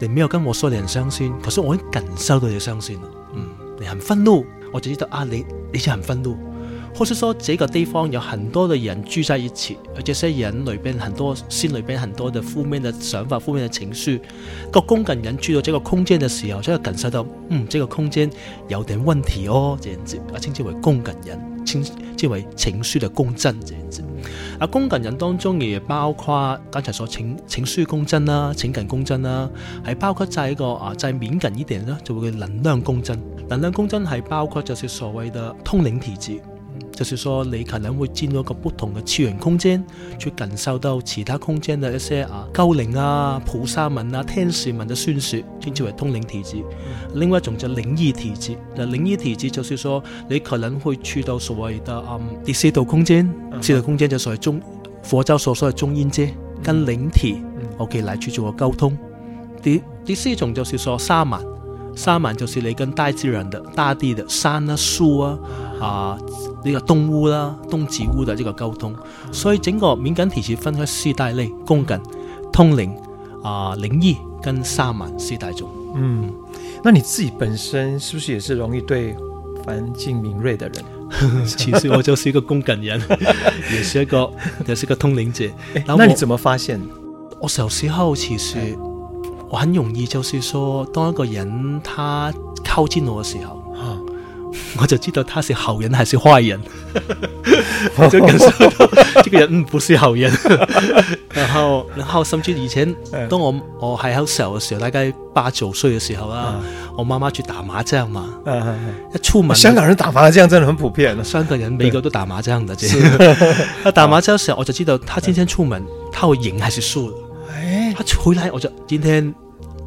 你沒有跟我說你很傷心，可是我已經感受到你傷心了。嗯，你很憤怒，我就知道啊，你你就很憤怒。或是說，這個地方有很多的人住在一起，而這些人裏邊很多心裏邊很多的負面的想法、負面的情緒，那個共感人住到這個空間的時候，就感受到嗯，這個空間有點問題哦，這樣子啊，我稱之為共感人。稱之為情緒嘅共振，這樣子。啊，共感人當中亦包括剛才所請情情緒共振啦、情感共振啦，係包括在一個啊，敏感一點呢啲呢就會能量共振。能量共振係包括就是所謂嘅通靈體質。就是說你可能會進入一個不同嘅次元空間，去感受到其他空間的一些啊高靈啊、菩薩們啊、天使們嘅宣說，稱之為通靈體質。嗯、另外一種就靈異體質，嗱靈異體質就是說你可能會去到所謂嘅、嗯、第四度空間，嗯、四度空間就所謂中佛教所說嘅中陰界，跟靈體，我哋嚟去做個溝通。第第四種就是說薩滿，薩滿就是你跟大自然的、大地的、山啊、樹啊，嗯、啊。呢個動物啦，動植物嘅呢個溝通，所以整個敏感體質分開四大類：共感、通靈、啊靈異跟薩滿四大種。嗯，那你自己本身是不是也是容易對環境敏銳的人？其實我就是一個共感人，也是一個，也是個通靈者。欸、那你怎麼發現？我小時候其實、欸、我很容易，就是說，當一個人他靠近我的時候。我就知道他是好人還是壞人， 我就感受到這個人唔不是好人。 然後，然後甚至以前，當我我喺好小嘅時候，大概八九歲嘅時候啊，嗯、我媽媽去打麻將嘛，嗯嗯嗯、一出門，香港人打麻將真係很普遍、啊，香港人每個都打麻將的，即一打麻將嘅時候，嗯、我就知道他今天出門，他會贏還是輸。誒、哎，他回來我就今天。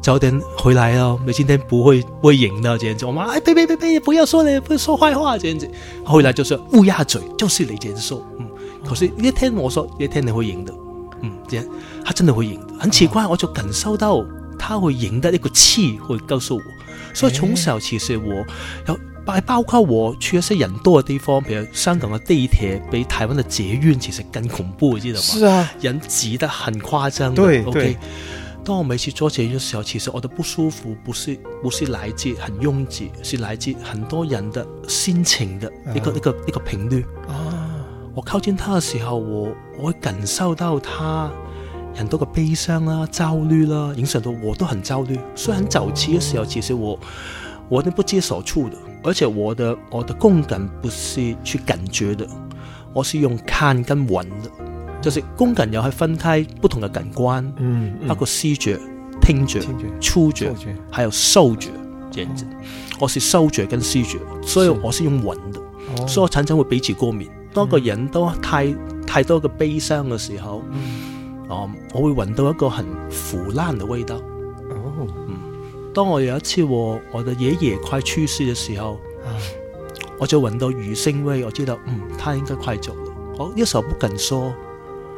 早點回來咯，你今天不會不會贏的，咁樣子。我話，哎，呸呸呸不要說了，不要說壞話，咁樣子。後來就是烏鴉嘴，就是你咁樣子說，嗯。可是一聽我說，哦、一聽你會贏的，嗯，即係，他真係會贏的，很奇怪，哦、我就感受到他會贏得一個氣，會告訴我。所以從小其實我有，包包括我去一些人多嘅地方，譬如香港嘅地鐵，比台灣嘅捷運其實更恐怖，知道嗎？是啊，人擠得很誇張，對。對對。Okay? 當我每次坐車的時候，其實我的不舒服，不是不是來自很擁擠，是來自很多人的心情的一個、oh. 一個一個頻率。啊，oh. 我靠近他的時候，我我會感受到他人多個悲傷啦、啊、焦慮啦、啊，影響到我都很焦慮。所以很早期嘅時候，oh. 其實我我都不知所處的，而且我的我的共感不是去感覺的，我是用看跟聞的。就是共感又可分開不同嘅感官，包括視覺、聽覺、觸覺，還有嗅覺。其實我是嗅覺跟視覺，所以我先用聞。所以我常常會彼此過敏。當個人都太太多嘅悲傷嘅時候，啊，我會聞到一個很腐爛嘅味道。嗯，當我有一次我嘅爺爺快去世嘅時候，我就聞到魚腥味，我知道嗯，他應該快咗。我一時不敢說。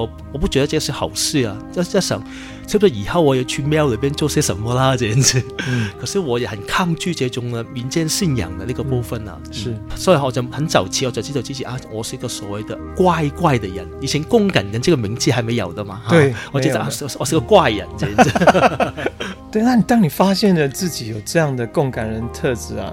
我我不覺得這是好事啊！就在想，是不是以後我要去廟裏邊做些什麼啦？這樣子，嗯、可是我也很抗拒這種呢民間信仰的那個部分啊。嗯、是、嗯，所以我就很早期我就知道自己啊，我是一個所謂的怪怪的人。以前共感人這個名字還沒有的嘛。對，我就啊，我啊我，是我是個怪人、嗯、這樣子。 對，那你當你發現了自己有這樣的共感人特質啊？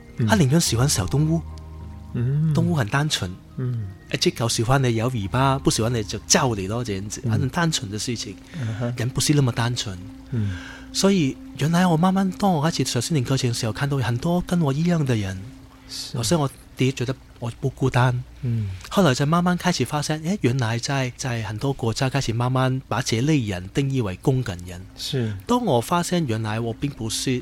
嗯、他寧願喜歡小動物，動物很單純，一隻狗喜歡你搖尾巴，不喜歡你就咒你咯，這樣子，反、嗯、單純的事情，嗯、人不是那麼單純，嗯、所以原來我慢慢當我開始上心靈課程嘅時候，看到很多跟我一樣嘅人，所以是我第一覺得我不孤單。嗯、後來就慢慢開始發現誒、欸，原來在在很多國家開始慢慢把這類人定義為共感人。是當我發現原來我並不是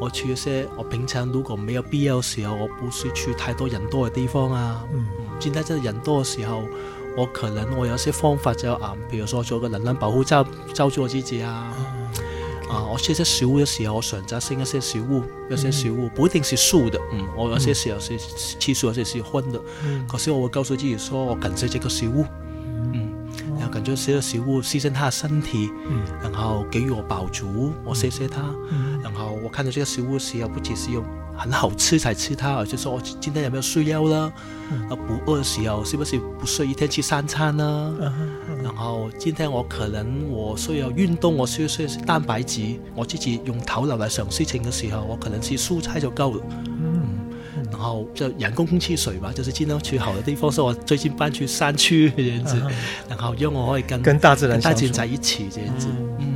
我去一些我平常如果沒有必要嘅時候，我不是去太多人多嘅地方啊。嗯，真真人多嘅時候，我可能我有些方法就啊，譬如說做個能量保護，罩罩住我自己啊。嗯、啊，我食食物嘅時候，我常則升一些食物，一、嗯、些食物，不一定是素的，嗯，我有些時候是吃素，有些是葷的，可、嗯、是我會告訴自己說，說我感謝這個食物，嗯，然後感謝這個食物犧牲他嘅身體，嗯、然後給予我飽足，我謝謝他。嗯嗯看到個食物時啊，不只是用很好吃才吃它，而、就、且、是、說我今天有沒有需要啦？了、嗯、不餓嘅時候，是不是不需要？一天吃三餐呢？嗯、然後今天我可能我需要運動，我需要蛋白質，我自己用頭腦來想事情嘅時候，我可能吃蔬菜就夠。了、嗯嗯嗯、然後就人工空氣水嘛，就是經常去好的地方，所以我最近搬去山區嗰陣子，嗯、然後讓我可以跟，跟大自然大自然在一起嗰陣子。嗯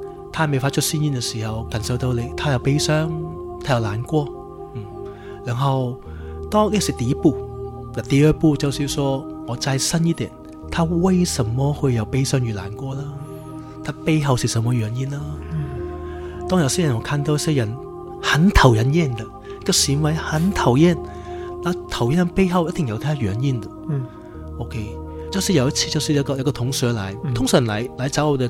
他未發出聲音嘅時候，感受到你，他又悲傷，他又難過、嗯。然後，當呢是第一步，第二步就是說，我再深一點，他為什麼會有悲傷與難過呢？他背後是什麼原因呢？嗯、當有些人我看到一些人很討人厭嘅，個行為，很討厭，那討厭背後一定有他原因的。嗯、o、okay, k 就是有一次，就是有個一個同學來，通常來來找我的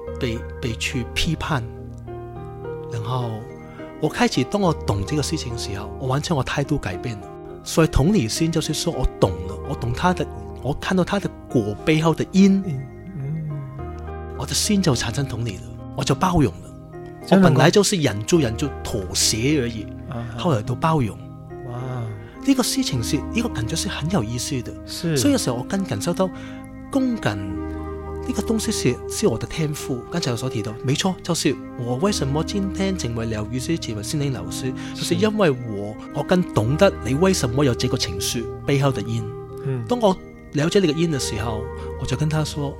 被被去批判，然後我開始，當我懂這個事情嘅時候，我完全我態度改變了。所以同理心就是說我懂了，我懂他的，我看到他的果背後的因，嗯嗯嗯、我的心就產生同理了，我就包容了。我本來就是忍住忍住妥協而已，哇後來到包容。哇，呢個事情是呢、這個感覺是很有意思的，是所以有時候我跟人收到共感。呢個東西是，是我的天賦，剛才我所提到，沒錯，就是我為什麼今天成為療癒師，成為心靈療癒師，就是因為我我更懂得你為什麼有這個情緒背後的因。嗯、當我了解你嘅因嘅時候，我就跟他說，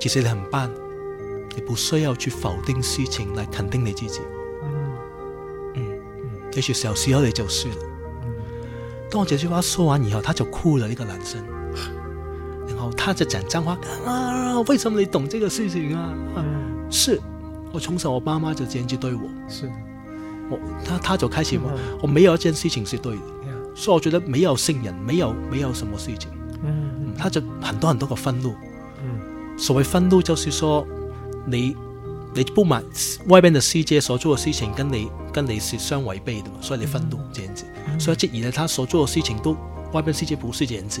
其實你很棒，你不需要去否定事情嚟肯定你自己。嗯嗯，嗯嗯有時候試下你就輸了、嗯、當我這句話說完以後，他就哭了。呢、這個男生。然後，他就講髒話啊！為什麼你懂這個事情啊？Mm hmm. 是我從小我爸媽就這樣子對我，是的我，他他就開始我，mm hmm. 我沒有一件事情是對的，Yeah. 所以我覺得沒有聖人，沒有沒有什麼事情，mm hmm. 嗯，他就很多很多個憤怒，mm hmm. 所謂憤怒就是說你你不滿外邊的世界所做嘅事情，跟你跟你是相違背嘅嘛，所以你憤怒這樣子，mm hmm. mm hmm. 所以即而家呢，他所做嘅事情都外邊世界不是這樣子。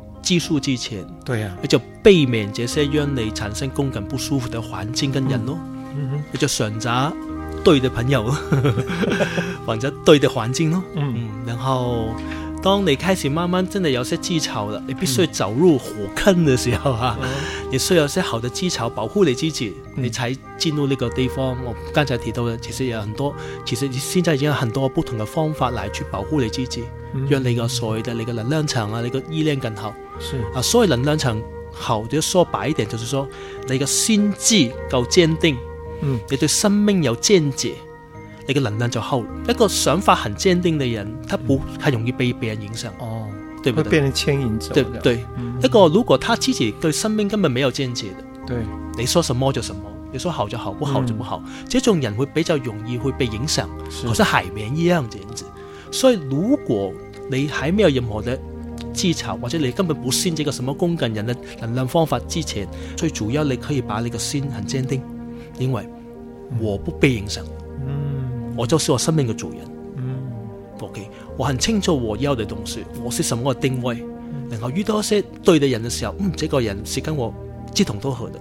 技巧之前，對啊、你就避免這些讓你產生共感不舒服的環境跟人咯。嗯嗯嗯、你就選擇對的朋友咯， 或者對的環境咯。嗯，嗯，然後當你開始慢慢真係有些技巧啦，你必須走入火坑嘅時候啊，嗯、你需要有些好的技巧保護你自己，嗯、你才進入呢個地方。我剛才提到嘅其實有很多，其實你現在已經有很多不同嘅方法嚟去保護你自己，嗯、讓你個所謂嘅你嘅能量場啊，你個意念更好。係是啊，所以能量場好啲，說白一點，就是說你嘅心智夠堅定，嗯，你對生命有見解，你嘅能量就好。一個想法很堅定嘅人，他不太容易被別人影響哦，嗯、對不對？會變成牽引者，對不對？嗯、一個如果他自己對生命根本沒有見解嘅，對，你說什麼就什麼，你說好就好，不好就不好，嗯、這種人會比較容易會被影響，是好似海綿一樣嘅樣子。所以如果你還沒有任何嘅。自嘲，或者你根本冇先這個什麼共感人嘅能量方法之前，最主要你可以把你嘅心很正定，因為我不被影響，嗯，我就是我生命嘅主人，嗯，OK，我很清楚我有啲同事，我是什麼嘅定位，能夠遇到一些對的人嘅時候，嗯，這個人是跟我志同道合嘅，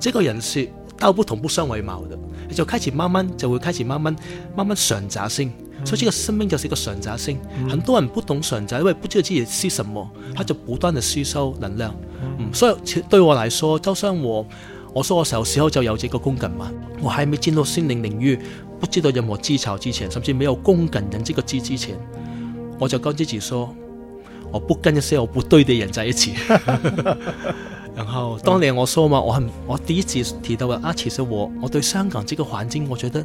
這個人是道不同不相為謀嘅，你就開始慢慢就會開始慢慢慢慢上扎先。所以呢個生命就是一個上窄性，嗯、很多人不懂上窄，因為不知道自己是什麼，他就不斷的吸收能量。嗯、所以對我來說，就像我我說我時候時候就有這個共感嘛，我喺未進入心靈領域，不知道任何自嘲之前，甚至未有共感人之嘅之前，我就跟自己說，我不跟一些我不對嘅人在一起。 然後當年我說嘛，我我第一次提到話、啊，啊其實我我對香港呢個環境，我覺得。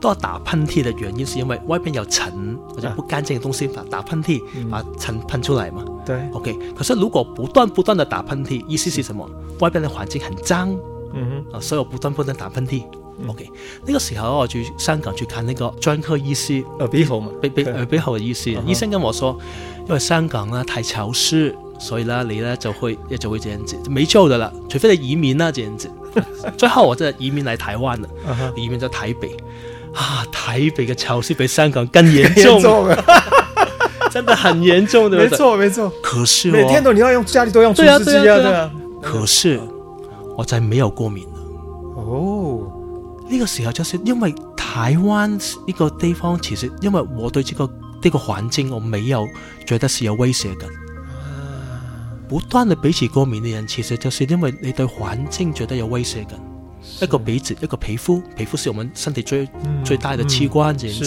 都係打噴嚏的原因，是因為外邊有塵或者不乾淨的東西，打打噴嚏把塵噴出來嘛。對，OK。可是如果不斷不斷的打噴嚏，意思是什麼？外邊的環境很臟，啊，所以我不斷不斷打噴嚏。OK，呢個時候我去香港去看那個專科醫師，啊，鼻喉，鼻鼻啊鼻喉嘅醫生，醫生跟我說，因為香港呢太潮濕，所以呢你呢就會，就就會這樣子，沒救的了，除非你移民啦，這樣子。 最後我就移民嚟台灣啦，uh huh. 移民咗台北，啊，台北嘅潮濕比香港更嚴重,嚴重 真的很嚴重，的沒錯沒錯。沒錯可是，每天都你要用，家裡都要用、啊，最啊的、啊啊嗯、可是，我在沒有過敏哦，呢、oh. 個時候就是因為台灣呢個地方，其實因為我對呢、這個呢、這個環境，我沒有覺得是有威脅感不斷地彼此過敏的人，其實就是因為你對環境覺得有威脅感。是一個鼻子，一個皮膚，皮膚是我們身體最、嗯、最大的器官，這樣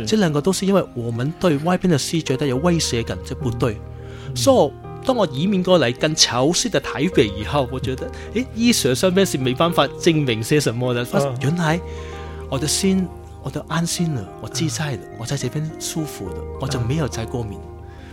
子。這兩個都是因為我們對外邊的事覺得有威脅感，這、就是、不對。嗯、所以當我移民過來更潮濕的台北以後，我覺得誒，醫學上邊是沒辦法證明些什麼嘅。哦、但是原來我的心我哋安心了，我自在了，啊、我在這邊舒服了，我就沒有再過敏。啊嗯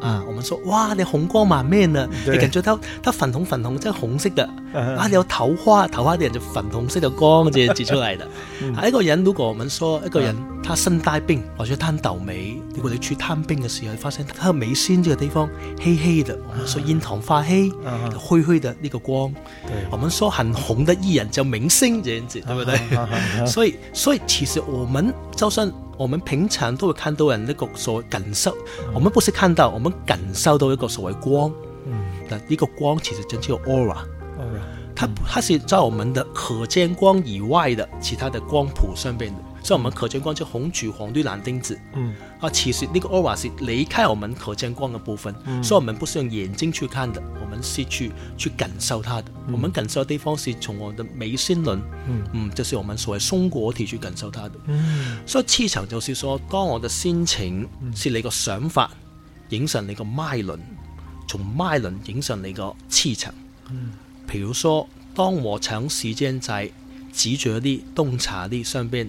啊！我們說，哇！你紅光滿面啦，你感覺到，它粉紅粉紅，即係紅色的。啊，你有桃花，桃花的人就粉紅色的光， 這樣子出來的、啊、一個人，如果我們說一個人， 他身帶病或者攤豆尾，如果你去探病嘅時候發現他眉心這個地方黑黑的，我們說 印堂發黑， 就灰灰的呢個光。對，我們說很紅的藝人就明星，這樣子，對不對？ 所以，所以其實我們就算。我們平常都會看到人一個所謂感受，我們不是看到，我們感受到一個所謂光。那呢個光其實就叫做 aura，aura。它它是在我們的可見光以外的其他的光譜上面的。所以我們可見光就紅、橘、黃、綠、藍、丁子。嗯。啊，其實呢個 Aura 是離開我們可見光嘅部分。嗯、所以我們不是用眼睛去看的，我們是去去感受它的。嗯、我們感受嘅地方是從我的眉心輪。嗯，嗯。就是我們所謂松果體去感受它的。嗯、所以氣場就是說，當我的心情是你個想法，影上你個脈輪，從脈輪影上你的氣場。譬、嗯、如說，當我長時間在執着一啲洞察啲上邊。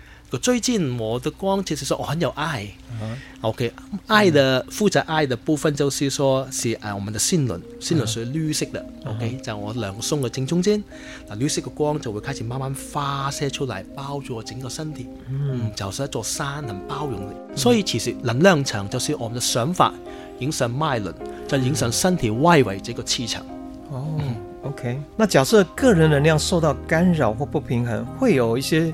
最近我的光其實說我很有愛、uh huh.，OK，愛的負責愛的部分就是說是誒、啊、我們的心輪，心輪是綠色嘅、uh huh.，OK 就我兩松嘅正中間嗱，綠色嘅光就會開始慢慢發射出來，包住我整個身體，uh huh. 嗯，就似一座山能包容你。Uh huh. 所以其實能量場就是我嘅想法影響脈輪，就影響身體外圍這個氣場。哦，OK，那假設個人能量受到干擾或不平衡，會有一些。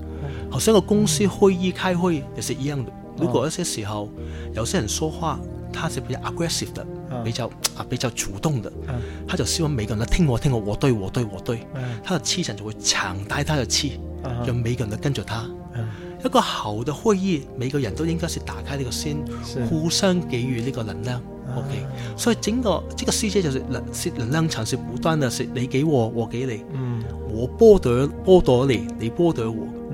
好像個公司會議開會也是一樣的。的如果一些時候有些人說話，他是比較 aggressive 的，比較、呃、啊比較主動的，他就希望每個人都聽我聽我我對我對我對、嗯、他的磁場就會強大他的磁場，嗯、讓每個人都跟着他。嗯、一個好的會議，每個人都應該是打開呢個心，是互相給予呢個能量。啊、OK，所以整個這個世界就是能，是能量場，是不斷的，是你給我，我給我你，嗯、我波多波多你，你波多我。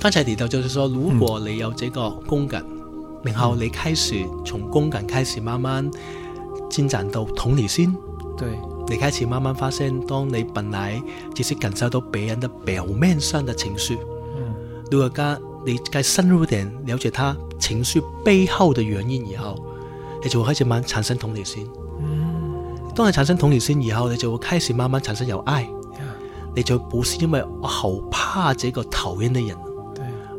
剛才提到就是說，如果你有這個共感，嗯、然後你開始從共感開始慢慢進展到同理心，對，你開始慢慢發現，當你本來只是感受到別人的表面上的情緒，嗯、如果加你再深入點了解他情緒背後的原因以後，你就會開始慢慢產生同理心。嗯、當你產生同理心以後，你就會開始慢慢產生有愛，嗯、你就不是因為我好怕這個討厭的人。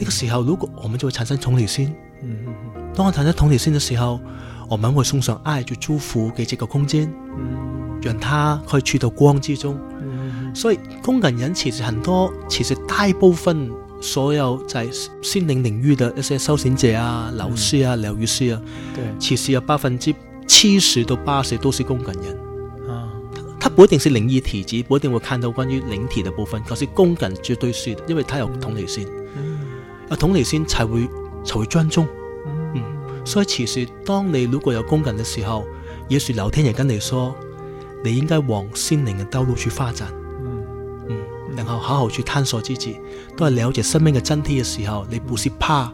呢個時候，如果我們就會產生同理心。嗯嗯、當我產生同理心的時候，我們會送上愛就祝福給這個空間，嗯、讓它可以處到光之中。嗯嗯、所以，共感人其實很多，其實大部分所有在係心靈領域嘅一些修行者啊、老師、嗯、啊、療癒師啊，對、嗯，其實有百分之七十到八十都是共感人啊。他不一定是靈異體質，不一定會看到關於靈體的部分，可是共感絕對是，因為他有同理心。嗯嗯而同理心才會才會尊重，嗯、所以其實當你如果有共感的時候，也許老天爺跟你說你應該往心靈的道路去發展，嗯，嗯，然後好好去探索自己，都係了解生命嘅真諦嘅時候，你不是怕，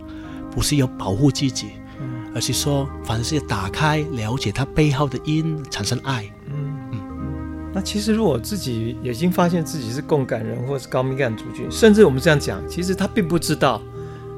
不是要保護自己，嗯、而是說凡事打開了解它背後的因，產生愛。嗯嗯，嗯那其實如果自己已經發現自己是共感人，或者高敏感族群，甚至我們這樣講，其實他並不知道。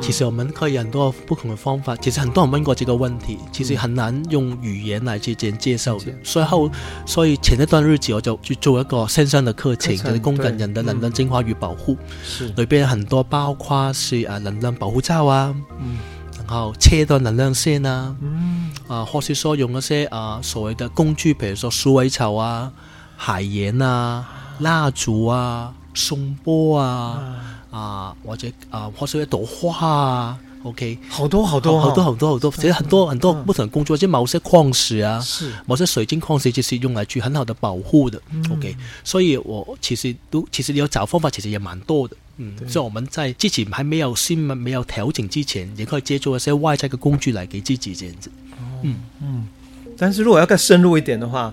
其實我們可以用很多不同嘅方法，其實很多人問過這個問題，其實很難用語言嚟去接受。所以後，所以前一段日子我就去做一個線上嘅課程，叫《共感人的能量淨化與保護》，裏邊很多包括是啊能量保護罩啊，然後切斷能量線啊，啊或是說所用一些啊所謂的工具，譬如說鼠尾草啊、海鹽啊、蠟燭啊、松波啊。啊，啊，或者啊，或是一朵花啊，OK，好多好多，好多好多好多，其實很多很多不同工作，即某些礦石啊，是某些水晶礦石，就是用來去很好的保護的，OK，嗯、所以我其實都其實你要找方法，其實也蠻多的，嗯，對所以我們在自己還沒有先沒有調整之前，也可以借助一些外在嘅工具嚟給自己這樣子，嗯嗯，但是如果要更深入一點嘅話。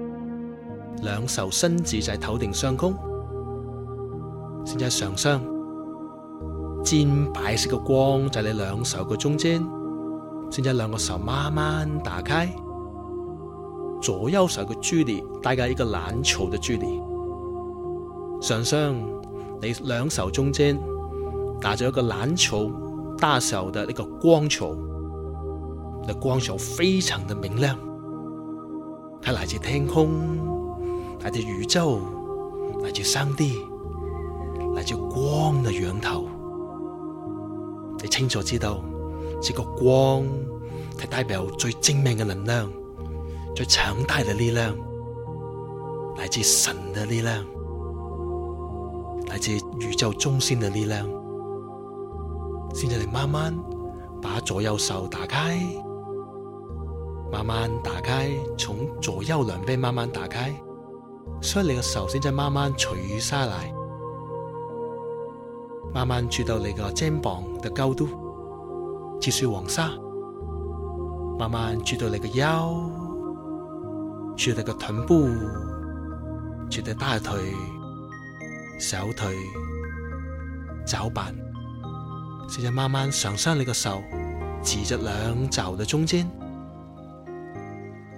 兩手伸直就係頭頂上空，現在上升，金白色嘅光就喺你兩手嘅中間，現在兩個手慢慢打開，左右手嘅距離大概一個籃球嘅距離。上升，你兩手中間打咗一個籃球大小嘅呢個光球，呢、那個、光球非常的明亮，佢嚟自天空。來自宇宙，來自上帝，來自光嘅源頭，你清楚知道，這個光是代表最精明嘅能量，最強大的力量，來自神的力量，來自宇宙中心的力量。現在你慢慢把左右手打開，慢慢打開，從左右兩邊慢慢打開。所以你個手先至慢慢除沙嚟，慢慢住到你個肩膀嘅高度，接住黃沙，慢慢住到你個腰，住你個臀部，住到大腿、小腿、腳板，先至慢慢上升你個手至着兩腳嘅中間。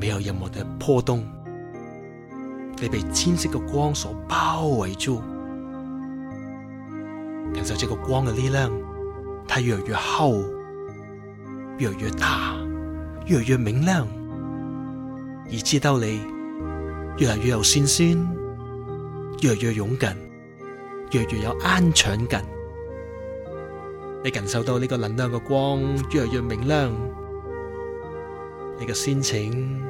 沒有任何的破洞，你被金色嘅光所包圍住。感受這個光嘅力量，它越嚟越厚，越嚟越大，越嚟越明亮。而知道你越嚟越有信心，越嚟越勇敢，越嚟越有安全感。你感受到呢個能量嘅光越嚟越明亮，你嘅心情。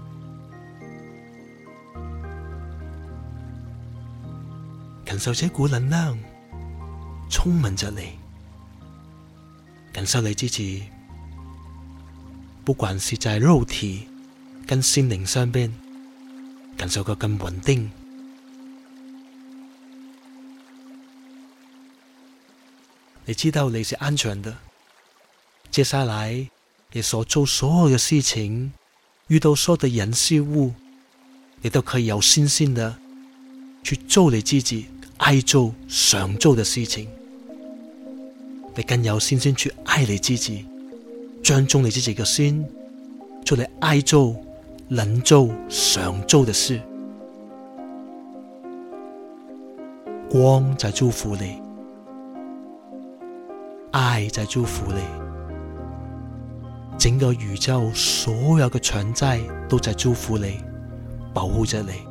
承受這股能量充滿着你，感受你自己，不管是在肉體跟心靈上邊，感受它更穩定，你知道你是安全的。接下來，你所做所有嘅事情，遇到所有的人事物，你都可以有信心的去做你自己。愛做想做的事情，你更有信心去愛你自己，尊重你自己的心，做你愛做能做想做的事。光在祝福你，愛在祝福你，整個宇宙所有的存在都在祝福你，保護着你。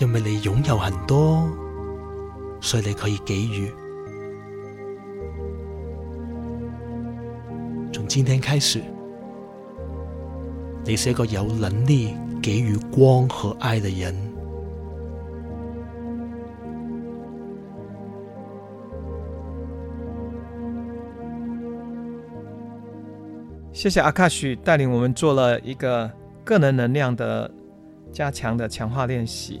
因為你擁有很多，所以你可以給予。從今天開始，你是一個有能力給予光和愛的人。謝謝阿卡許帶領我們做了一個個人能，能量的加強的強化練習。